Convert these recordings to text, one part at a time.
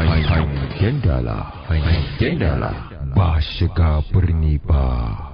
Hai Hanya hai Jendala Bahasa Pernipah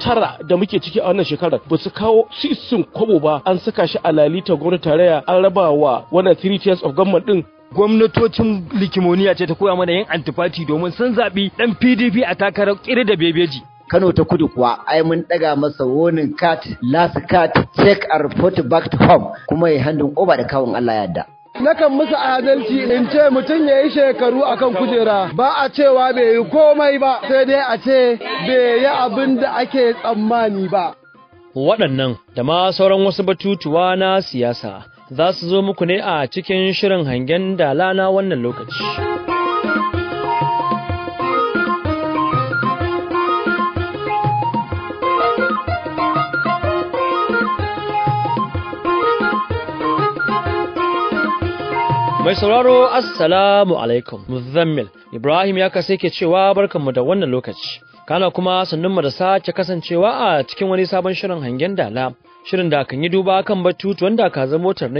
tara da muke ciki a wannan shekarar ba su kawo sisin kwabo ba an saka shi a lalita gwamnati tarayya an raba wa wannan three tiers of government din gwamnatocin likimoniya ce ta koya mana yin antifati domin sun zaɓi ɗan pdp a takarar ƙiri da bebeji Kano ta kudu kuwa ai mun ɗaga masa wonin Kat last Kat check and report back to home kuma ya handin over da kawun Allah yadda nakan musu adalci in ce mutum ya yi shekaru akan kujera ba a cewa bai yi komai ba sai dai a ce bai yi abin da ake tsammani ba. Waɗannan da ma sauran wasu batutuwa na siyasa za su zo muku ne a cikin shirin hangen dalana lana wannan lokaci. Mai sauraro Assalamu alaikum Muzammil Ibrahim ya kasa ke cewa barkanmu da wannan lokaci. Kana kuma sannunmu da sace kasancewa a cikin wani sabon shirin hangen dala. Shirin da kan yi duba kan batutuwan da ka zama motar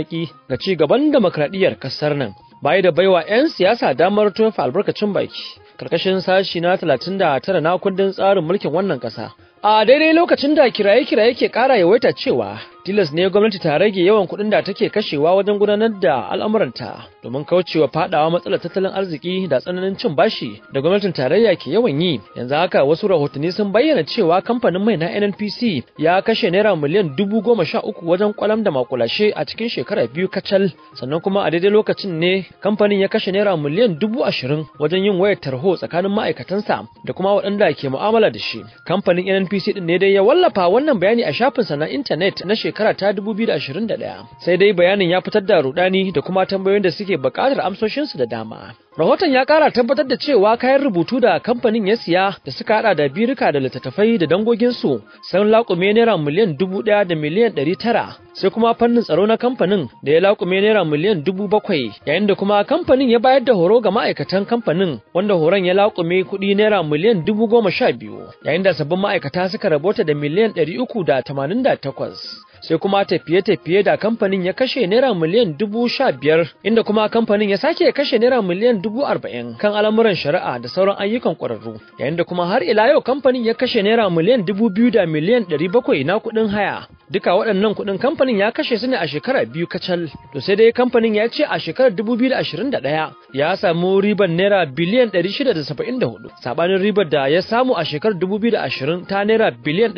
ga ci gaban demokradiyyar kasar nan. Baya da baiwa 'yan siyasa damar tofa albarkacin baki. Karkashin sashi na 39 na kundin tsarin mulkin wannan ƙasa. A daidai lokacin da kiraye-kiraye ke ƙara yawaita cewa tilas ne gwamnati ta rage yawan kuɗin da take kashewa wajen gudanar da al'amuranta domin kaucewa fadawa matsalar tattalin arziki da tsananin cin bashi da gwamnatin tarayya ke yawan yi yanzu haka wasu rahotanni sun bayyana cewa kamfanin mai na nnpc ya kashe naira miliyan dubu goma sha uku wajen kwalam da makulashe a cikin shekara biyu kacal sannan kuma a daidai lokacin ne kamfanin ya kashe naira miliyan dubu ashirin wajen yin wayar tarho tsakanin ma'aikatansa da kuma waɗanda ke mu'amala da shi kamfanin nnpc din ne dai ya wallafa wannan bayani a shafinsa na intanet na shekara shekara ta 2021 sai dai bayanin ya fitar da rudani da kuma tambayoyin da suke buƙatar amsoshinsu da dama rahoton ya ƙara tabbatar da cewa kayan rubutu da kamfanin ya siya da suka haɗa da birika da littattafai da dangoginsu sun laƙume naira miliyan dubu ɗaya da miliyan ɗari tara sai kuma fannin tsaro na kamfanin da ya laƙume naira miliyan dubu bakwai yayin da kuma kamfanin ya bayar da horo ga ma'aikatan kamfanin wanda horon ya laƙume kuɗi naira miliyan dubu goma sha biyu yayin da sabbin ma'aikata suka rabota da miliyan ɗari uku da tamanin da takwas sai kuma tafiye-tafiye da kamfanin ya kashe naira miliyan dubu sha biyar inda kuma kamfanin ya sake kashe naira miliyan dubu arba'in kan al'amuran shari'a da sauran ayyukan ƙwararru yayin da kuma har ila yau kamfanin ya kashe naira miliyan dubu biyu da miliyan ɗari bakwai na kuɗin haya duka waɗannan kuɗin kamfanin ya kashe su ne a shekara biyu kacal to sai dai kamfanin ya ce a shekarar dubu biyu da da ashirin ɗaya, ya samu ribar naira biliyan ɗari shida da da saba'in hudu. sabanin ribar da ya samu a shekarar ashirin ta naira biliyan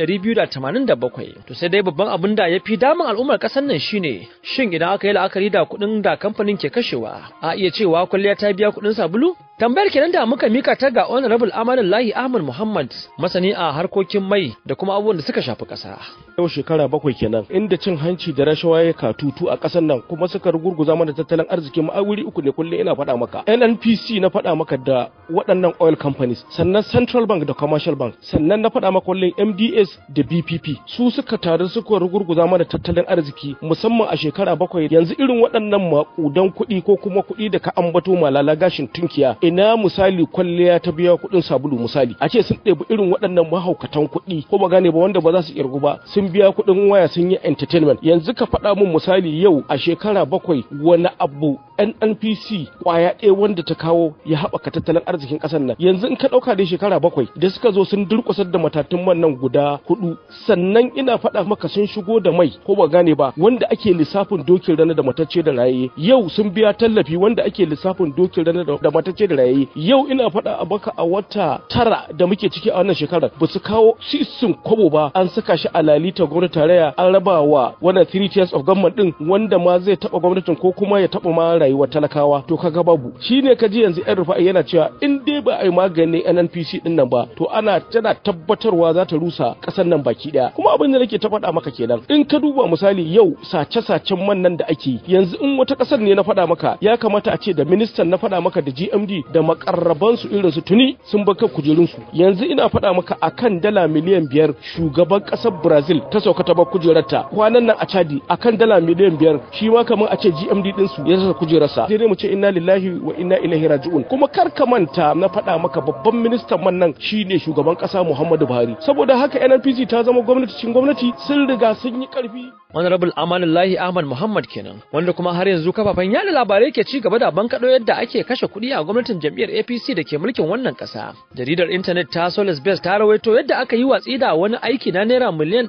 bakwai to sai dai babban abin da ya fi damun al'ummar ƙasar nan shine shin idan aka yi la'akari da kuɗin da kamfanin ke kashewa a iya cewa kwalliya ta biya kuɗin sabulu Tambayar kenan da muka mika ta ga Honorable Amanin Lahi Ahmad Muhammad masani a harkokin mai da kuma abubuwan da suka shafi ƙasa. Yau shekara bakwai kenan inda cin hanci da rashawa ya katutu a ƙasar nan kuma suka rugurguza mana tattalin arzikin mu wuri uku ne kullum ina faɗa maka. NNPC na faɗa maka da waɗannan oil companies sannan Central Bank da Commercial Bank sannan na faɗa maka kullum MDS da BPP su suka taru suka rugurguza mana tattalin arziki musamman a shekara bakwai yanzu irin waɗannan maƙudan kuɗi ko kuma kuɗi da ka ambato malala gashin tunkiya ina misali kwalliya ta biya kuɗin sabulu misali a ce sun ɗebi irin waɗannan mahaukatan kuɗi ko ba gane ba wanda ba za su kirgu ba sun biya kuɗin waya sun yi entertainment yanzu ka faɗa mun misali yau a shekara bakwai wani abu NNPC kwaya ɗaya wanda ta kawo ya haɓaka tattalin arzikin ƙasar nan yanzu in ka ɗauka da shekara bakwai da suka zo sun durƙusar da matatun man nan guda hudu sannan ina faɗa maka sun shigo da mai ko ba gane ba wanda ake lissafin dokin rana da matacce da raye yau sun biya tallafi wanda ake lissafin dokin rana da matacce da raye yau ina faɗa a baka a wata tara da muke ciki a wannan shekarar ba su kawo sisin kwabo ba an saka shi a lalita gwamnati tarayya an raba wa wanda three tiers of government din wanda ma zai taɓa gwamnatin ko kuma ya taɓa ma rayuwar talakawa to kaga babu shi shine ji yanzu yan rufa'i yana cewa in dai ba a yi maganin NNPC din nan ba to ana tana tabbatarwa za ta rusa ƙasar nan baki ɗaya kuma abin da nake ta faɗa maka kenan in ka duba misali yau sace-sacen man nan da ake yanzu in wata ƙasar ne na faɗa maka ya kamata a ce da ministan na faɗa maka da GMD da makarrabansu irin su tuni sun baka kujerunsu yanzu ina faɗa maka akan dala miliyan biyar shugaban ƙasar brazil ta sauka ta bar kujerarta kwanan nan a chadi akan dala miliyan biyar shi ma kamar a ce gmd ɗinsu ya kujerar kujerarsa sai dai mu ce inna lillahi wa inna ilaihi raji'un kuma kar ka manta na faɗa maka babban ministan man nan shine shugaban ƙasa muhammadu buhari saboda haka nnpc ta zama gwamnati cin gwamnati sun riga sun yi ƙarfi honorable amanullahi ahmad muhammad kenan wanda kuma har yanzu kafafen yada labarai ke ci gaba da bankaɗo yadda ake kashe kuɗi a gwamnatin gwamnatin jam'iyyar APC da ke mulkin wannan ƙasa. Jaridar intanet ta Solis Base ta rawaito yadda aka yi watsi da wani aiki na naira miliyan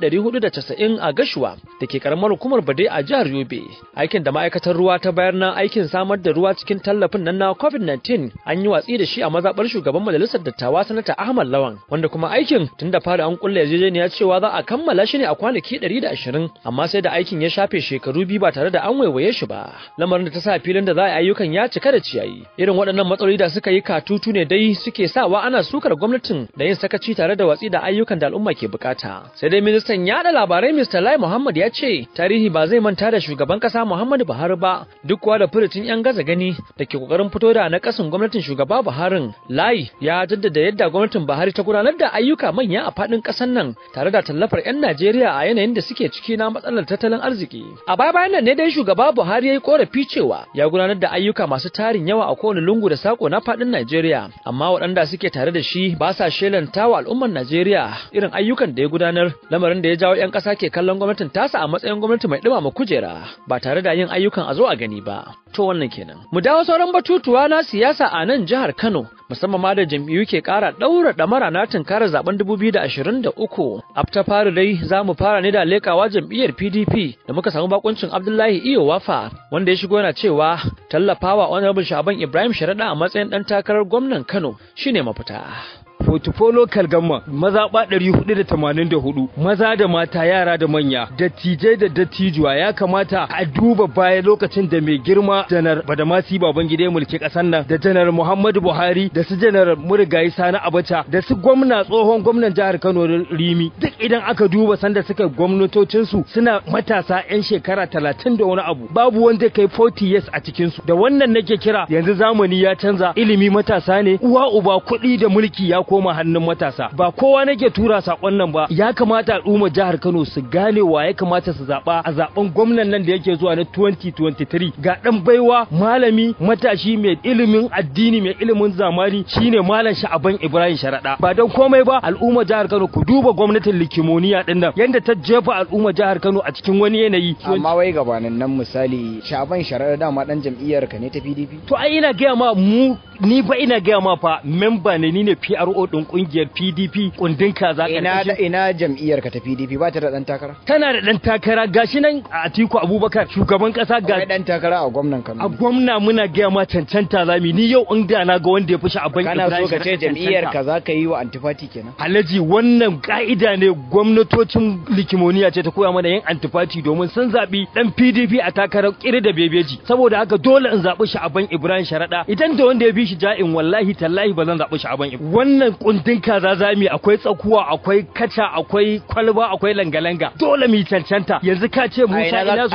casa'in a Gashuwa da ke karamar hukumar Bade a jihar Yobe. Aikin da ma'aikatar ruwa ta bayar na aikin samar da ruwa cikin tallafin nan na COVID-19 an yi watsi da shi a mazaɓar shugaban majalisar dattawa sanata Ahmad Lawan wanda kuma aikin tun da fara an kulle yarjejeniya cewa za a kammala shi ne a kwanaki ɗari da ashirin, amma sai da aikin ya shafe shekaru biyu ba tare da an waiwaye shi ba. Lamarin da ta sa filin da za a ayyukan ya cika da ciyayi. Irin waɗannan matsaloli jarida suka yi katutu ne dai suke sawa ana sukar gwamnatin da yin sakaci tare da watsi da ayyukan da al'umma ke bukata. Sai dai ministan yaɗa labarai Mr. Lai Muhammad ya ce tarihi ba zai manta da shugaban kasa Muhammadu Buhari ba duk kuwa da furucin yan gaza gani da ke kokarin fito da na kasan gwamnatin shugaba Buharin. Lai ya jaddada yadda gwamnatin Buhari ta gudanar da ayyuka manya a faɗin ƙasar nan tare da tallafar 'yan Najeriya a yanayin da suke ciki na matsalar tattalin arziki. A baya bayan nan ne dai shugaba Buhari ya yi korafi cewa ya gudanar da ayyuka masu tarin yawa a kowane lungu da saƙo Na faɗin Najeriya amma waɗanda suke tare da shi ba sa shelanta wa al'ummar Najeriya irin ayyukan da ya gudanar lamarin da ya jawo 'yan ƙasa ke kallon gwamnatin tasa a matsayin gwamnati mai ɗumama kujera ba tare da yin ayyukan a zo a gani ba. To wannan kenan. Mu dawo sauran batutuwa na siyasa a nan jihar Kano musamman ma da jam'iyyu ke kara daura damara na tunkarar zaben 2023 afta fara dai za mu fara ne da lekawa jam'iyyar PDP da muka samu bakuncin Abdullahi Iyo Wafa wanda ya shigo yana cewa tallafawa wani rabin Shaban Ibrahim Sharaɗa a matsayin ɗan takarar gwamnan Kano shine mafita fotifo local gamma ba 484 maza da mata yara da manya dattijai da dattijuwa ya kamata a duba baya lokacin da mai girma janar badamasi babangida mulki kasar nan da janar muhammadu buhari da su janar murigayi sani abacha da su gwamna tsohon gwamnan jihar kano rimi duk idan aka duba sanda suka gwamnatocinsu suna matasa 'yan shekara talatin da wani abu babu wanda kai 40 years a cikinsu da wannan nake kira yanzu zamani ya canza ilimi matasa ne uwa uba kuɗi da mulki ya koma hannun matasa ba kowa nake tura sakon nan ba ya kamata al'ummar jihar Kano su gane wa ya kamata su zaba a zaben gwamnan nan da yake zuwa na 2023 ga dan baiwa malami matashi mai ilimin addini mai ilimin zamani shine malam Sha'aban Ibrahim Sharada ba dan komai ba al'ummar jihar Kano ku duba gwamnatin likimoniya din nan yanda ta jefa al'ummar jihar Kano a cikin wani yanayi amma wai gabanin nan misali Sha'aban Sharada dama dan jam'iyyar ka ne ta PDP to ai ina gaya ma mu ni ba ina gaya ma fa memba ne ni ne PRO CEO din kungiyar PDP kundin kaza ina da ina jam'iyyar ka ta PDP ba ta da dan takara tana da dan takara gashi nan a Atiku Abubakar shugaban kasa ga dan takara a gwamnan Kano a gwamna muna ga ma cancanta zami ni yau in da na ga wanda ya fushi a banki kana so ka ce jam'iyyar ka za ka yi wa antifati kenan Alhaji wannan ka'ida ne gwamnatocin likimoniya ce ta koya mana yin antifati domin sun zabi dan PDP a takarar kiri da bebeji saboda haka dole in zabi shi a Ibrahim Sharada idan da wanda ya bi shi ja'in wallahi tallahi ba zan zabi shi a wannan kundin kaza zami akwai tsakuwa akwai kaca akwai kwalba akwai langa-langa dole mu cancanta yanzu ka ce Musa ina su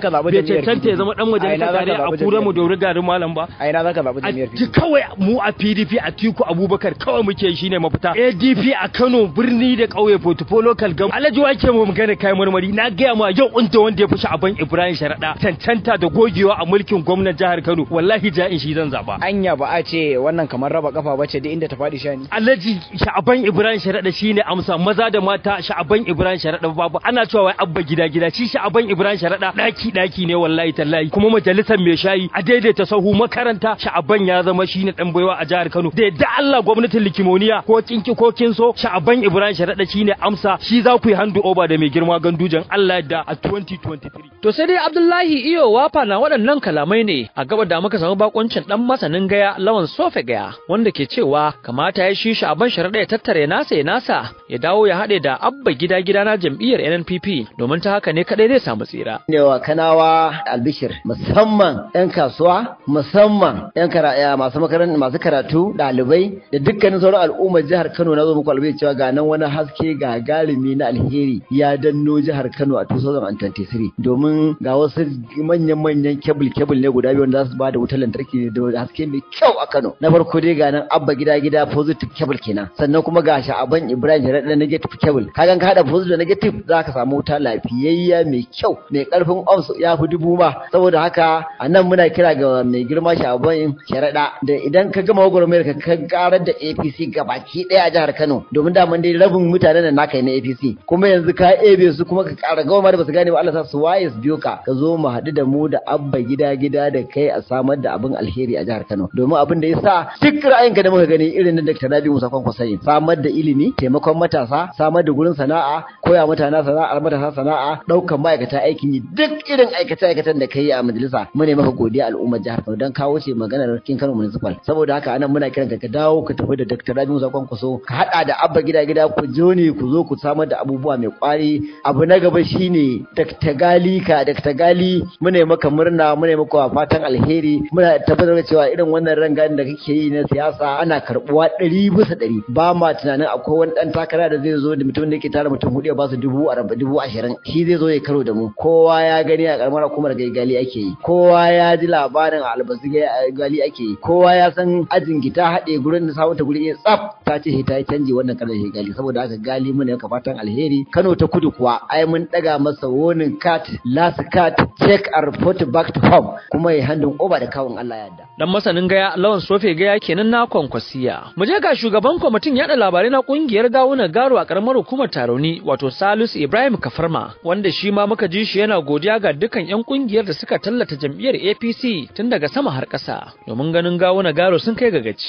ko bai cancanta ya zama dan majalisar tare a kura mu dori garin malam ba a ina zaka zabi jami'ar ki kawai mu a PDP a Tiku Abubakar kawai muke shine mafita ADP a Kano birni da kauye Potipo local gam Alhaji wake mu magana kai marmari na gaya ma yau unta wanda ya a ban Ibrahim Sharada cancanta da gogewa a mulkin gwamnatin jihar Kano wallahi ja'in shi zan zaba anya ba a ce wannan kamar raba kafa bace duk inda ta fadi shani alhaji sha'aban ibrahim sharaɗa shine amsa maza da mata sha'aban ibrahim sharaɗa babu ana cewa wai abba gida gida shi sha'aban ibrahim sharaɗa ɗaki ɗaki ne wallahi tallahi kuma majalisar mai shayi a daidaita sahu makaranta sha'aban ya zama shine dan baiwa a jihar kano da yadda allah gwamnatin likimoniya ko kinki ko so sha'aban ibrahim sharaɗa shine amsa shi za ku yi handu Oba da mai girma gandujan allah da a 2023 to sai dai abdullahi iyo wafa na waɗannan kalamai ne a gaba da muka samu bakoncin ɗan masanin gaya lawan sofe gaya wanda ke cewa kamata ya shi shi Sha'aban Sharaɗa ya tattare nasa ya nasa ya dawo ya haɗe da abba gida gida na jam'iyyar NNPP domin ta haka ne kaɗai zai samu tsira. wa kanawa albishir musamman 'yan kasuwa musamman 'yan masu makarantar masu karatu ɗalibai da dukkanin sauran al'ummar jihar Kano na zo muku albishir cewa ga nan wani haske ga galimi na alheri ya danno jihar Kano a 2023 domin ga wasu manyan-manyan kebul-kebul ne guda biyu wanda za su ba da wutar lantarki da haske mai kyau a Kano. Na farko dai ga nan abba gida gida positive kebul kenan sannan kuma ga sha'aban ibrahim jarar da negative kebul kagan ka hada positive da negative za ka samu wuta lafiyayya mai kyau mai karfin oms ya fi dubu ma saboda haka a nan muna kira ga mai girma sha'aban sharaɗa da idan ka gama mai ka kan karar da apc gabaki ɗaya a jihar kano domin daman dai rabin mutanen da naka na apc kuma yanzu ka ebe su kuma ka kara gama da basu gane ba allah sa su waye su biyo ka ka zo mu haɗu da mu da abba gida gida da kai a samar da abin alheri a jihar kano domin abin da ya sa duk ra'ayinka da muka gani irin da dr Alhaji Musa samar da ilimi taimakon matasa samar da gurin sana'a koya mutane sana'a, matasa sana'a ɗaukan ma'aikata aikin yi duk irin aikata aikatan da kai a majalisa mu ne maka godiya al'ummar jihar Kano dan kawo ce maganar kin Kano municipal saboda haka anan muna kiran ka ka dawo ka tafi da Dr. Rabi Musa Kwankwaso ka hada da abba gida gida ku jo ne ku zo ku samar da abubuwa mai kwari abu na gaba shine Dr. Gali ka Dr. Gali mu ne maka murna mu ne maka fatan alheri muna tabbatar da cewa irin wannan rangan da kake yi na siyasa ana karbuwa ɗari bisa ɗari ba ma tunanin akwai wani ɗan takara da zai zo da mutum da ke tara mutum hudu ya ba su dubu arba'in dubu ashirin shi zai zo ya karo da mu kowa ya gani a karamar hukumar gali ake yi kowa ya ji labarin albasu gali ake yi kowa ya san ajin gita haɗe gurin da samun ta gurin yin tsaf ta ce ta yi canji wannan kalar gali saboda haka gali mana yanka fatan alheri Kano ta kudu kuwa ai mun ɗaga masa wonin cat last cat check and report back to home kuma ya handin over da kawun Allah ya yarda dan masanin gaya lawan sofe gaya kenan na kwankwasiya mu je ga shugaban kwamitin yaɗa labarai na ƙungiyar gawunan garo a ƙaramar hukumar taroni wato salisu ibrahim kafarma wanda shi ma muka ji shi yana godiya ga dukkan 'yan ƙungiyar da suka tallata jam'iyyar apc tun daga sama har ƙasa domin ganin gawunan garo sun kai ga gaci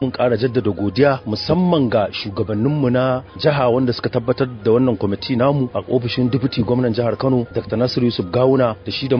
mun kara jaddada godiya musamman ga shugabanninmu na jiha wanda suka tabbatar da wannan kwamiti namu a ofishin dubuti gwamnan jihar Kano Dr. Nasiru Yusuf Gawuna da shi da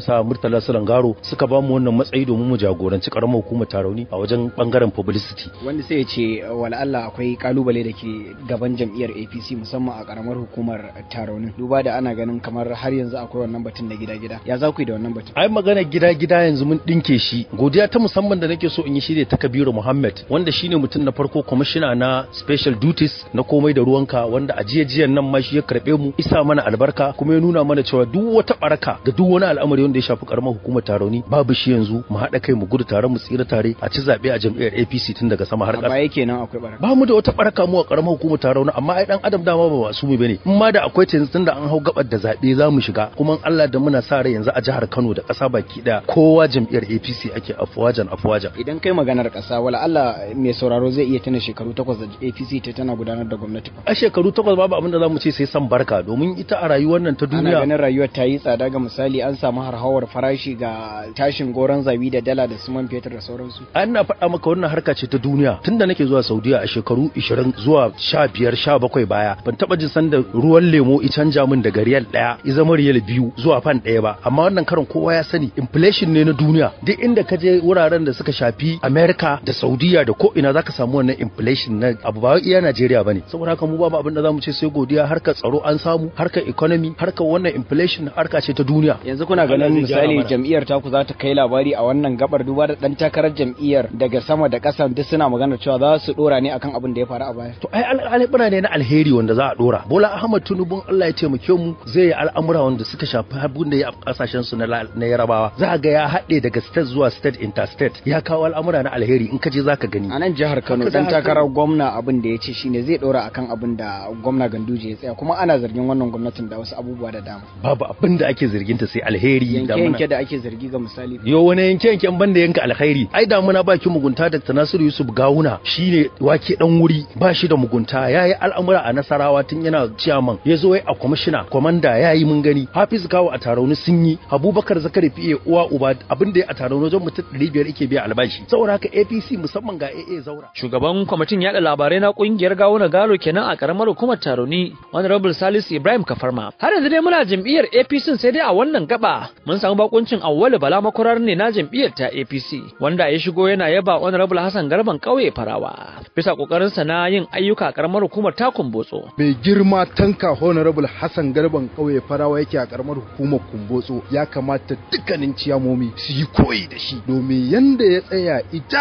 sa Murtala Salangaro suka ba mu wannan matsayi domin mu jagoranci karamar hukumar Tarauni a wajen bangaren publicity. Wanda sai ya ce wala Allah akwai kalubale da ke gaban jam'iyyar APC musamman a karamar hukumar Tarauni duba da ana ganin kamar har yanzu akwai wannan batun na gida-gida. Ya za ku yi da wannan batun? Ai magana gida-gida yanzu mun dinke shi. Godiya ta musamman da nake so in yi shi ne ta Kabiru Muhammad wanda shine mutum na farko kwamishina na special duties na komai da ruwanka wanda a jiyan nan ma shi ya karbe mu isa mana albarka kuma ya nuna mana cewa duk wata baraka ga duk wani al'amari wanda ya shafi karamar hukumar taroni babu shi yanzu mu haɗa kai mu gudu tare mu tsira tare a ci zaɓe a jam'iyyar APC tun daga sama har ƙasa. yake kenan akwai baraka. Ba mu da wata baraka mu a karamar hukumar taroni amma ai dan adam dama ba su mu bane in ma da akwai ta yanzu tunda an hau gabar da zaɓe za mu shiga kuma Allah da muna sa rai yanzu a jihar Kano da ƙasa baki ɗaya kowa jam'iyyar APC ake afuwajan afuwajan. Idan kai maganar ƙasa wala Allah mai sauraro zai iya tana shekaru takwas da apc ta tana gudanar da gwamnati a shekaru takwas babu abin da za mu ce sai san barka domin ita a rayuwar nan ta duniya ana ganin rayuwar ta yi tsada ga misali an samu harhawar farashi ga tashin goron zabi da dala da suman fetur da sauransu an na faɗa maka wannan harka ce ta duniya tun da nake zuwa saudiya a shekaru 20 zuwa sha bakwai baya ban taba jin da ruwan lemo i canja min daga riyal ɗaya i zama riyal biyu zuwa fan ɗaya ba amma wannan karin kowa ya sani inflation ne na duniya duk inda ka je wuraren da suka shafi america da saudiya Najeriya da ko ina zaka samu wannan inflation na abu ba iya Najeriya bane saboda haka mu ba abin da zamu ce sai godiya harkar tsaro an samu harkar economy harkar wannan inflation harka ce ta duniya yanzu kuna ganin misali jam'iyyar taku za ta kai labari a wannan gabar duba da dan takarar jam'iyyar daga sama da ƙasa duk suna magana cewa za su dora ne akan abin da ya faru a baya to ai al'amura ne na alheri wanda za a dora Bola Ahmad Tunubun Allah ya taimake mu zai yi al'amura wanda suka shafi abin da ya a kasashen su na Yarabawa za ga ya haɗe daga state zuwa state interstate ya kawo al'amura na alheri in ka je zaka gani a nan jihar Kano dan takarar gwamna abin da ya ce shine zai dora akan abin da gwamna Ganduje ya tsaya kuma ana zargin wannan gwamnatin da wasu abubuwa da dama babu abin da ake zargin ta sai alheri da yanke da ake zargi ga misali yo wani yanke ban da yanka alheri ai da muna baki mugunta da Nasir Yusuf Gawuna shine wake dan wuri ba shi da mugunta yayi al'amura a Nasarawa tun yana ciyaman ya zo a kwamishina kwamanda yayi mun gani Hafiz Kawo a Tarauni sun yi Abubakar Zakari fiye uwa uba abin da ya a Tarauni wajen mutum 500 yake biya albashi saboda haka APC musamman ga AA Zaura. Shugaban kwamitin yaɗa labarai na kungiyar ƙungiyar na Galo kenan a karamar hukumar Taroni, Honorable Salisu Ibrahim Kafarma. Har yanzu dai muna jam'iyyar APC sai dai a wannan gaba mun samu bakuncin Auwalu Bala Makurar ne na jam'iyyar ta APC wanda ya shigo yana yaba Honorable Hassan Garban Kauye Farawa. Bisa kokarin sa na yin ayyuka a ƙaramar hukumar Takun Botso. Mai girma tanka Honorable Hassan Garban ƙauye Farawa yake a ƙaramar hukumar Kumbotso ya kamata dukkanin ciyamomi su yi koyi da shi domin yanda ya tsaya ita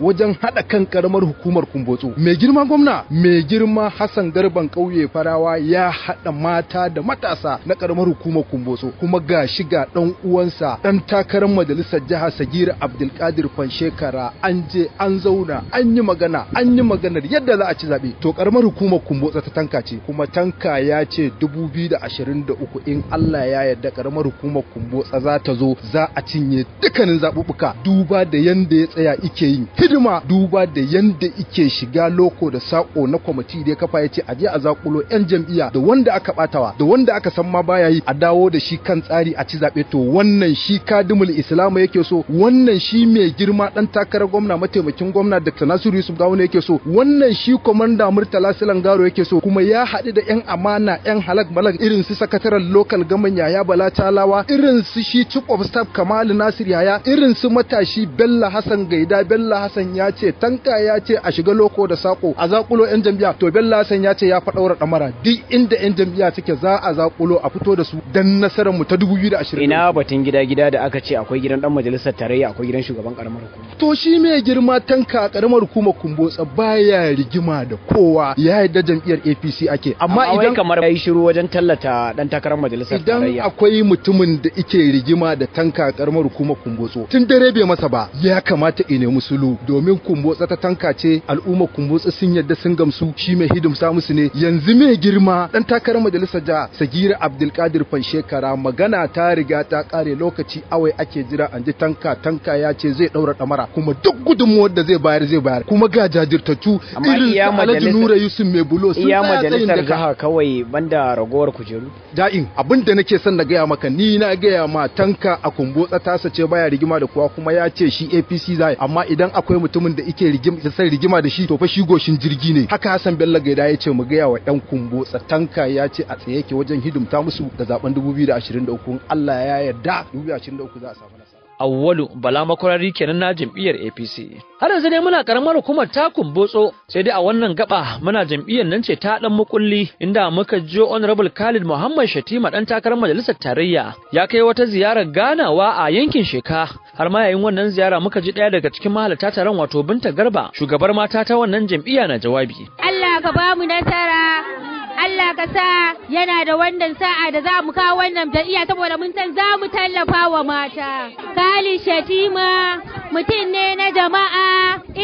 wajen wajen haɗa kan karamar hukumar kumbotso mai girma gwamna mai girma hassan garban ƙauye farawa ya haɗa mata da matasa na karamar hukumar kumbotso kuma ga shiga ɗan uwansa ɗan takarar majalisar jiha sagir abdulkadir shekara an je an zauna an yi magana an yi maganar yadda za a ci zaɓe to karamar hukumar kumbotso ta tanka ce kuma tanka ya ce 2023 in allah ya yarda karamar hukumar kumbotso za ta zo za a cinye dukkanin zaɓuɓɓuka duba da yadda ya tsaya ike yin hidima duba da yanda ike shiga loko da sako na kwamiti da ya kafa ya ce a je a zakulo yan jam'iyya da wanda aka batawa da wanda aka san ma baya yi a dawo da shi kan tsari a ci zaɓe to wannan shi kadimul islamu yake so wannan shi mai girma dan takarar gwamna mataimakin gwamna dr nasiru yusuf gawuna yake so wannan shi komanda murtala silan garo yake so kuma ya haɗu da yan amana yan halak malak irin su sakataren lokal gaman yaya bala talawa irin su shi chief of staff kamalu nasir yaya irin su matashi bello hassan gaida bello hassan lasan ya ce tanka ya ce a shiga loko da sako a zakulo yan jam'iyya to Bello lasan ya ce ya faɗaura ɗamara damara duk inda yan jam'iyya suke za a zakulo a fito da su dan nasarar mu ta 2020 ina batun gida gida da aka ce akwai gidan dan majalisar tarayya akwai gidan shugaban karamar hukuma to shi mai girma tanka karamar hukuma kumbotsa baya rigima da kowa ya yi da jam'iyyar APC ake amma idan kamar yayi shiru wajen tallata dan takarar majalisar tarayya idan akwai mutumin da ike rigima da tanka karamar hukuma kumbotso tun dare bai masa ba ya kamata ine musulu domin kumbotsa ta tanka ce al'umma kumbotsa sun yadda sun gamsu shi mai hidimta musu ne yanzu mai girma dan takarar majalisa ja sagira abdulkadir fanshekara magana ta riga ta kare lokaci awai ake jira an ji tanka tanka ya ce zai daura damara kuma duk gudunmuwar da zai bayar zai bayar kuma ga jajirtattu irin alhaji nura yusuf mai bulo sun iya majalisar jiha kawai banda ragowar kujeru da'in abin da nake son na gaya maka ni na gaya ma tanka a kumbotsa tasa ce baya rigima da kuwa kuma ya ce shi apc zai amma idan akwai mutumin da ike rigima da san rigima da shi to fa shi goshin jirgi ne haka Hassan Bello Gaida ya ce mu ga yawa yan kumbo tsatanka ya ce a tsaye yake wajen hidimta musu da zaben 2023 Allah ya yarda 2023 za a samu nasara awwalu bala makwarari kenan na jam'iyyar apc har yanzu dai muna karamar hukumar takun botso sai dai a wannan gaba muna jam'iyyar nan ce ta dan mukulli inda muka jiyo honorable khalid muhammad shatima dan takarar majalisar tarayya ya kai wata ziyarar ganawa a yankin sheka har ma yayin wannan ziyara muka ji daya daga cikin mahalarta taron wato binta garba shugabar mata ta wannan jam'iyya na jawabi Allah ka ba mu nasara Allah ka sa yana da wannan sa'a da za mu kawo wannan jam'iyya saboda mun san za mu tallafa wa mata. Kali Shatima mutum ne na jama'a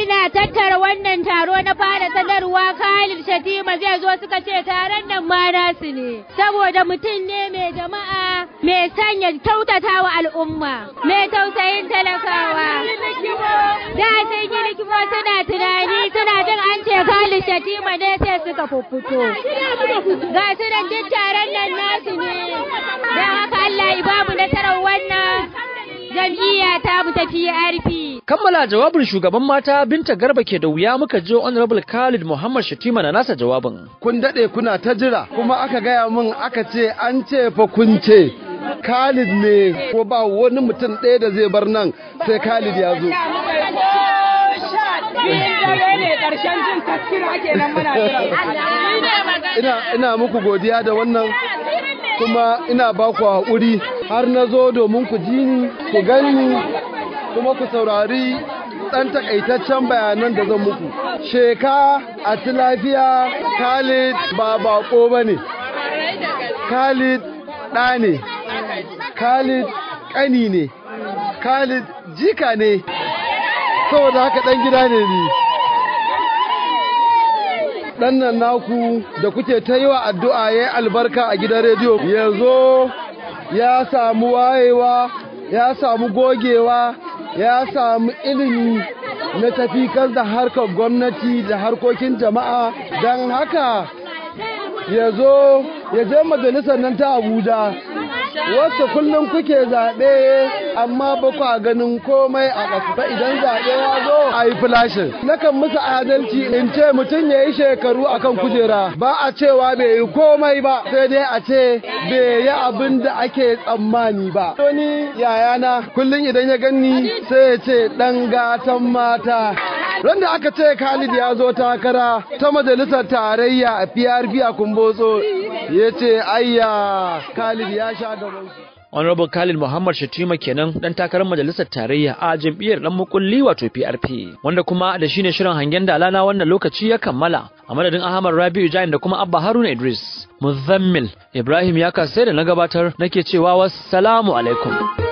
ina tattara wannan taro na fara sanarwa Kali Shatima zai zo suka ce taron nan ma nasu ne saboda mutum ne mai jama'a mai sanya kyautata wa al'umma mai tausayin talakawa da sun yi suna tunani suna su shatima ne sai suka fuffuto ga su nan duk taron nan nasu ne don haka Allah ya bamu nasarar wannan jam'iyya ta mu ta PRP kammala jawabin shugaban mata binta garba ke da wuya muka je honorable khalid muhammad shatima na nasa jawabin kun dade kuna ta jira kuma aka gaya mun aka ce an ce fa kun ce khalid ne ko ba wani mutum ɗaya da zai bar nan sai khalid ya zo ina muku godiya da wannan kuma ina ba ku haƙuri har na zo domin ku ji ni ku gani kuma ku saurari ɗan takaitaccen bayanan da zan muku sheka a lafiya khalid ba bako ba ne khalid ɗa ne khalid ƙani ne khalid jika ne saboda haka ɗan gida ne ni ɗan nan naku da kuke ta yi wa addu'a ya albarka a gidan rediyo ya zo ya samu wayewa ya samu gogewa ya samu ilimi na tafikar da harkar gwamnati da harkokin jama'a don haka ya zo ya je majalisar nan ta abuja wasu kullum kuke zaɓe amma ba kwa ganin komai a ƙasa idan zaɓe ya zo a yi filashin nakan musu adalci in ce mutum ya yi shekaru kan kujera ba a cewa bai yi komai ba sai dai a ce bai yi abin da ake tsammani ba wani yayana kullum idan ya ganni sai ya ce ɗan gatan mata Randa aka ce Khalid ya zo takara ta majalisar tarayya a PRP a Kumbotso ya ce ayya Khalid ya sha gaban honorable khalid muhammad shatima kenan dan takarar majalisar tarayya a jam'iyyar dan mukulli wato prp wanda kuma da shine shirin hangen dalana wannan lokaci ya kammala a madadin ahmad rabi'u jain da kuma abba haruna idris muzammil ibrahim ya sai da na gabatar nake cewa wassalamu alaikum